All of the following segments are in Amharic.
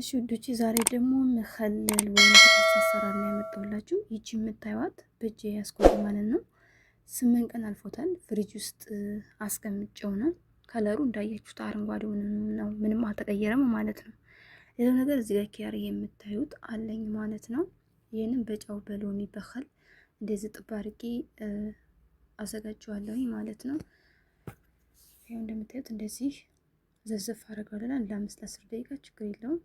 እሺ ውዶቼ ዛሬ ደግሞ መከለል ወይም ክትፎ አሰራር ነው ያመጣሁላችሁ። ይቺ የምታዩት በእጄ ያስቆጥ ማለት ነው። ስምንት ቀን አልፎታል። ፍሪጅ ውስጥ አስቀምጨው ነው። ከለሩ እንዳያችሁት አረንጓዴ ነው፣ ምንም አልተቀየረም ማለት ነው። ሌላው ነገር እዚህ ጋር ኪያር የምታዩት አለኝ ማለት ነው። ይህንም በጫው በሎሚ በከል እንደዚህ ጥብ አድርጌ አዘጋጀዋለሁ ማለት ነው። ይኸው እንደምታዩት እንደዚህ ዘዘፍ አደርገዋለሁ ለአምስት አስር ደቂቃ ችግር የለውም።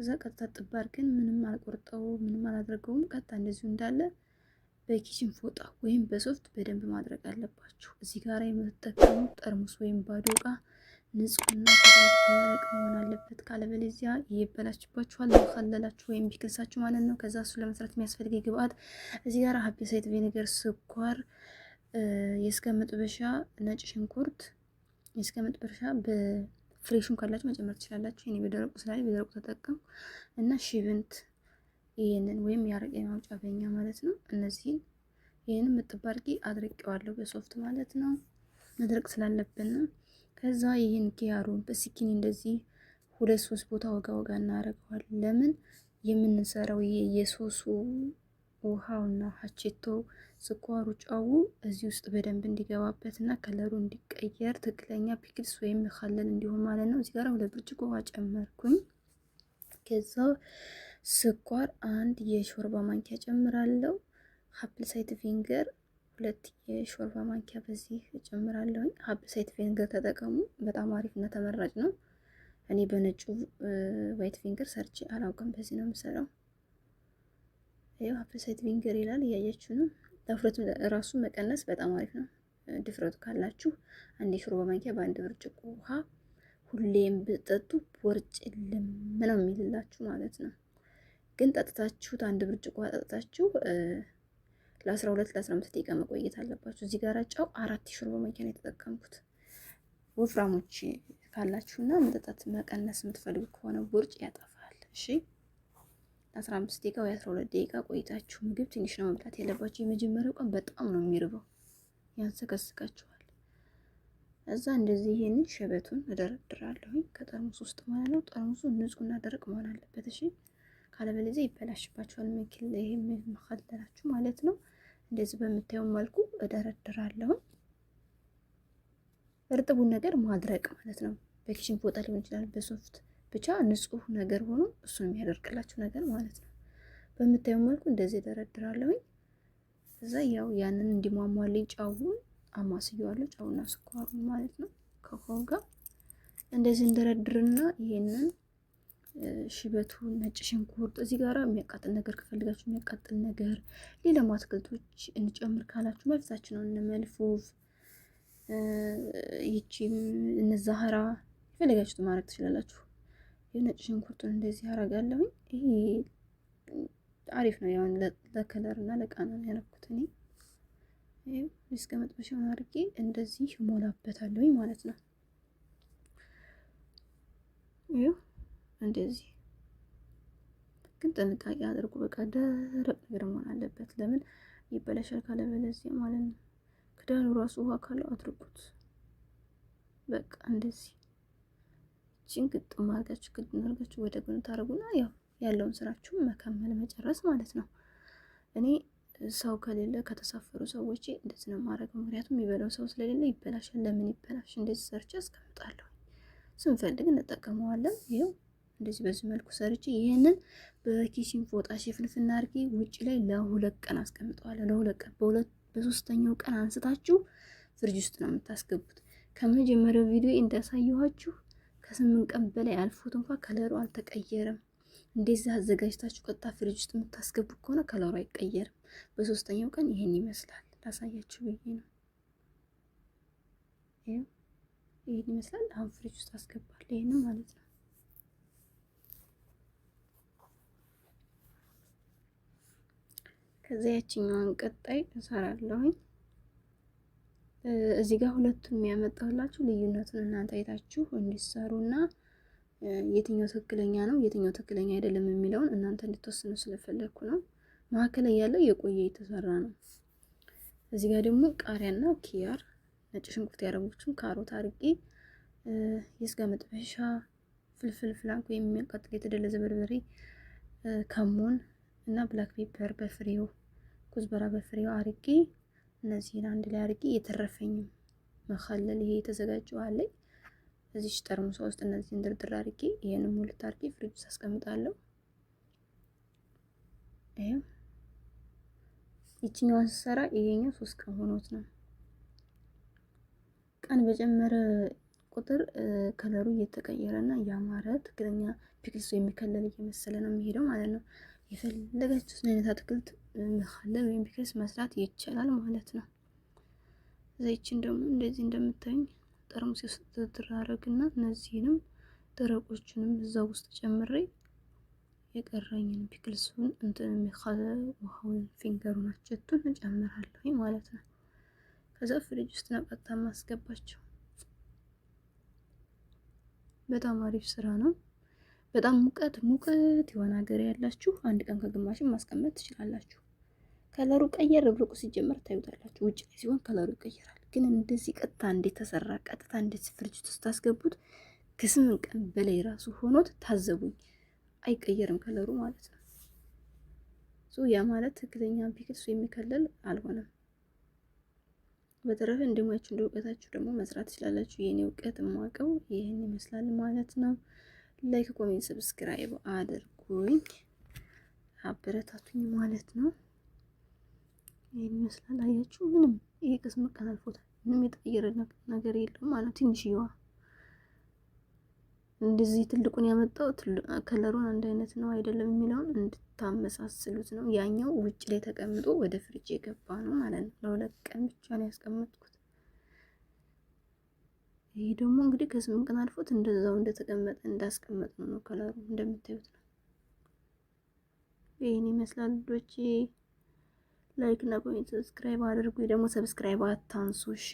ከዛ ቀጥታ ጥባር ግን ምንም አልቆርጠው ምንም አላደርገውም። ቀጥታ እንደዚሁ እንዳለ በኪችን ፎጣ ወይም በሶፍት በደንብ ማድረግ አለባችሁ። እዚህ ጋር የምትጠቀሙ ጠርሙስ ወይም ባዶ እቃ ንጹህና ደረቅ መሆን አለበት። ካለበለዚያ ይበላችባችኋል፣ ለመካለላችሁ ወይም ቢከሳችሁ ማለት ነው። ከዛ እሱ ለመስራት የሚያስፈልግ ግብአት እዚህ ጋር ሀቤሳይት ቬኔገር፣ ስኳር፣ የስጋ ስኳር፣ የስከ መጥበሻ ነጭ ሽንኩርት የስከ መጥበሻ ፍሬሹን ካላችሁ መጨመር ትችላላችሁ። እኔ በደረቁ ስላለ በደረቁ ተጠቀምኩ እና ሽብንት ይህንን ወይም የአረቄ ማውጫ በኛ ማለት ነው። እነዚህን ይህንን ምጥባርቂ አድርቄዋለሁ በሶፍት ማለት ነው፣ መድረቅ ስላለብን ከዛ ይህን ኪያሩን በስኪኒ እንደዚህ ሁለት ሶስት ቦታ ወጋ ወጋ እናደርገዋለን። ለምን የምንሰራው ይሄ የሶሱ ውሃውና ሀቼቶ ስኳሩ፣ ጨው እዚህ ውስጥ በደንብ እንዲገባበት እና ከለሩ እንዲቀየር ትክክለኛ ፒክልስ ወይም መካለል እንዲሆን ማለት ነው። እዚህ ጋር ሁለት ብርጭቆ ውሃ ጨመርኩኝ። ከዛ ስኳር አንድ የሾርባ ማንኪያ ጨምራለሁ። ሀፕል ሳይት ቪንገር ሁለት የሾርባ ማንኪያ በዚህ ጨምራለሁኝ። ሀፕል ሳይት ቪንገር ተጠቀሙ፣ በጣም አሪፍና ተመራጭ ነው። እኔ በነጩ ዋይት ቪንገር ሰርቼ አላውቅም። በዚህ ነው የምሰራው። አፕል ሳይት ቪንገር ይላል እያያችሁ ነው። ለውፍረት ራሱ መቀነስ በጣም አሪፍ ነው። ድፍረቱ ካላችሁ አንድ የሾርባ ማንኪያ በአንድ ብርጭቆ ውሃ ሁሌም ብጠጡ ቦርጭ ልም ነው የሚልላችሁ ማለት ነው። ግን ጠጥታችሁት አንድ ብርጭቆ ውሃ ጠጥታችሁ ለ12 ለ15 ደቂቃ መቆየት አለባችሁ። እዚህ ጋር ጫው አራት የሾርባ ማንኪያ ነው የተጠቀምኩት። ወፍራሞች ካላችሁና መጠጣት መቀነስ የምትፈልጉ ከሆነ ቦርጭ ያጠፋል። እሺ 15 ደቂቃ ወይ 12 ደቂቃ ቆይታችሁ ምግብ ትንሽ ነው መብላት ያለባችሁ። የመጀመሪያው ቀን በጣም ነው የሚርበው፣ ያንሰከስካችኋል። እዛ እንደዚህ ይሄንን ሸበቱን እደረድራለሁኝ ከጠርሙስ ውስጥ ማለት ነው። ጠርሙሱ ንጹህና ደረቅ መሆን አለበት። እሺ ካለበለዚያ ይበላሽባችኋል። ምክል ይሄ መከለላችሁ ማለት ነው። እንደዚህ በምታየው መልኩ እደረድራለሁ። እርጥቡን ነገር ማድረቅ ማለት ነው። በኪችን ፎጣ ሊሆን ይችላል በሶፍት ብቻ ንጹህ ነገር ሆኖ እሱ የሚያደርግላችሁ ነገር ማለት ነው። በምታየው መልኩ እንደዚህ ደረድራለሁኝ። እዛ ያው ያንን እንዲሟሟልኝ ጫውን አማስየዋለሁ፣ ጫውና ስኳሩን ማለት ነው ከውሃው ጋር እንደዚህ እንደረድርና ይሄንን ሽበቱን ነጭ ሽንኩርት እዚህ ጋር የሚያቃጥል ነገር ከፈልጋችሁ የሚያቃጥል ነገር ሌላም አትክልቶች እንጨምር ካላችሁ መብታችሁ ነው። እንመልፎፍ ይቺ እነዛ ዛህራ የፈለጋችሁት ማድረግ ትችላላችሁ። የነጭ ሽንኩርቱን እንደዚህ አረጋለሁኝ። ይሄ አሪፍ ነው። ያው ለከለር እና ለቃና ነው እኔ። እስከ መጥበሻውን አድርጌ እንደዚህ ሞላበታለሁኝ ማለት ነው። ይሄ እንደዚህ ግን ጥንቃቄ አድርጉ። በቃ ደረቅ ነገር መሆን አለበት። ለምን ይበለሻል ካለበለዚያ ማለት ነው። ክዳኑ ራሱ ውሃ ካለው አድርጉት። በቃ እንደዚህ እችን ግጥም አርጋችሁ ግጥም አርጋችሁ ወደ ጎን ታደርጉና ያው ያለውን ስራችሁ መከመል መጨረስ ማለት ነው። እኔ ሰው ከሌለ ከተሳፈሩ ሰዎች እንደዚህ ነው ማድረገው። ምክንያቱም የሚበላው ሰው ስለሌለ ይበላሻል። ለምን ይበላሽ? እንደዚህ ሰርቼ አስቀምጣለሁ። ስንፈልግ እንጠቀመዋለን። ይኸው እንደዚህ በዚህ መልኩ ሰርቼ ይህንን በኪሲን ፎጣ ሽፍንፍና አድርጌ ውጭ ላይ ለሁለት ቀን አስቀምጠዋለሁ። ለሁለት ቀን በሁለት በሶስተኛው ቀን አንስታችሁ ፍርጅ ውስጥ ነው የምታስገቡት። ከመጀመሪያው ቪዲዮ እንዳሳየኋችሁ ከስምንት ቀን በላይ አልፎት እንኳ ከለሩ አልተቀየረም። እንደዚህ አዘጋጅታችሁ ቀጥታ ፍሪጅ ውስጥ የምታስገቡ ከሆነ ከለሩ አይቀየርም። በሶስተኛው ቀን ይሄን ይመስላል። ላሳያችሁ ብዬ ነው። ይሄን ይመስላል። አሁን ፍሪጅ ውስጥ አስገባለሁ። ይሄንን ማለት ነው። ከዛ ያችኛዋን ቀጣይ እሰራለሁኝ። እዚህ ጋር ሁለቱን የሚያመጣውላችሁ ልዩነቱን እናንተ አይታችሁ እና የትኛው ትክክለኛ ነው የትኛው ትክክለኛ አይደለም የሚለውን እናንተ እንድትወስኑ ስለፈለግኩ ነው። መካከል ላይ ያለው የቆየ የተሰራ ነው። እዚህ ጋር ደግሞ ቃሪያና ኪያር፣ ነጭ ሽንኩርት ያረቦችን ካሮት አርቂ፣ የስጋ መጥበሻ፣ ፍልፍል ፍላንክ ወይም የሚያቃጥል የተደለዘ በርበሬ፣ ከሞን እና ብላክ ፔፐር በፍሬው፣ ኩዝበራ በፍሬው አርጌ እነዚህን አንድ ላይ አድርጌ የተረፈኝም መከለል ይሄ የተዘጋጀው አለኝ እዚህ ጠርሙሷ ውስጥ እነዚህን ድርድር አድርጌ ይሄንም ሁለት አድርጌ ፍሪጅ ውስጥ አስቀምጣለሁ። ይሄው ይችኛዋን ስሰራ ይሄኛው ሶስት ቀን ሆኖት ነው። ቀን በጨመረ ቁጥር ከለሩ እየተቀየረና እያማረ ትክክለኛ ፒክልስ የሚከለል እየመሰለ ነው የሚሄደው ማለት ነው። የፈለጋችሁትን አይነት አትክልት መካለል ወይም ፒክልስ መስራት ይቻላል ማለት ነው። ዘይችን ደግሞ እንደዚህ እንደምታዩኝ ጠርሙስ ውስጥ ትደራረግና እነዚህንም ደረቆችንም እዛ ውስጥ ጨምሬ የቀረኝን ፒክልሱን እንትን የሚካለል ውሃውን ፊንገሩን አቸቱን እጨምራለሁ ማለት ነው። ከዛ ፍሪጅ ውስጥ ነቀጣ ማስገባቸው በጣም አሪፍ ስራ ነው። በጣም ሙቀት ሙቀት የሆነ ሀገር ያላችሁ አንድ ቀን ከግማሽን ማስቀመጥ ትችላላችሁ። ከለሩ ቀየር ብሎ ሲጀመር ታዩታላችሁ። ውጭ ላይ ሲሆን ከለሩ ይቀየራል። ግን እንደዚህ ቀጥታ እንዴት ተሰራ? ቀጥታ እንዴት ፍሪጅ ውስጥ ታስገቡት? ከስምንት ቀን በላይ ራሱ ሆኖት ታዘቡኝ፣ አይቀየርም ከለሩ ማለት ነው። ያ ማለት ትክክለኛ ፒክስ የሚከለል አልሆነም። በተረፈ እንደሙያችሁ እንደ እውቀታችሁ ደግሞ መስራት ትችላላችሁ። የኔ እውቀት የማውቀው ይህን ይመስላል ማለት ነው። ላይክ፣ ኮሜንት፣ ሰብስክራይብ አድርጉኝ አበረታቱኝ ማለት ነው። ይህን ይመስላል። አያችሁ ምንም ይሄ ቅስም ቀን አልፎታል። ምንም የተቀየረ ነገር የለም ማለት ትንሽዬዋ እንደዚህ ትልቁን ያመጣው ከለሩን አንድ አይነት ነው አይደለም የሚለውን እንድታመሳስሉት ነው። ያኛው ውጭ ላይ ተቀምጦ ወደ ፍሪጅ የገባ ነው ማለት ነው። ለሁለት ቀን ብቻ ነው ያስቀመጥኩት። ይህ ደግሞ እንግዲህ ከስምንት ቀን አልፎት እንደዛው እንደተቀመጠ እንዳስቀመጥ ነው ነው ከለሩ እንደምታዩት ነው። ይህን ይመስላል ልጆቼ። ላይክ እና ኮሜንት ሰብስክራይብ አድርጉ። ደግሞ ሰብስክራይብ አታንሱ እሺ።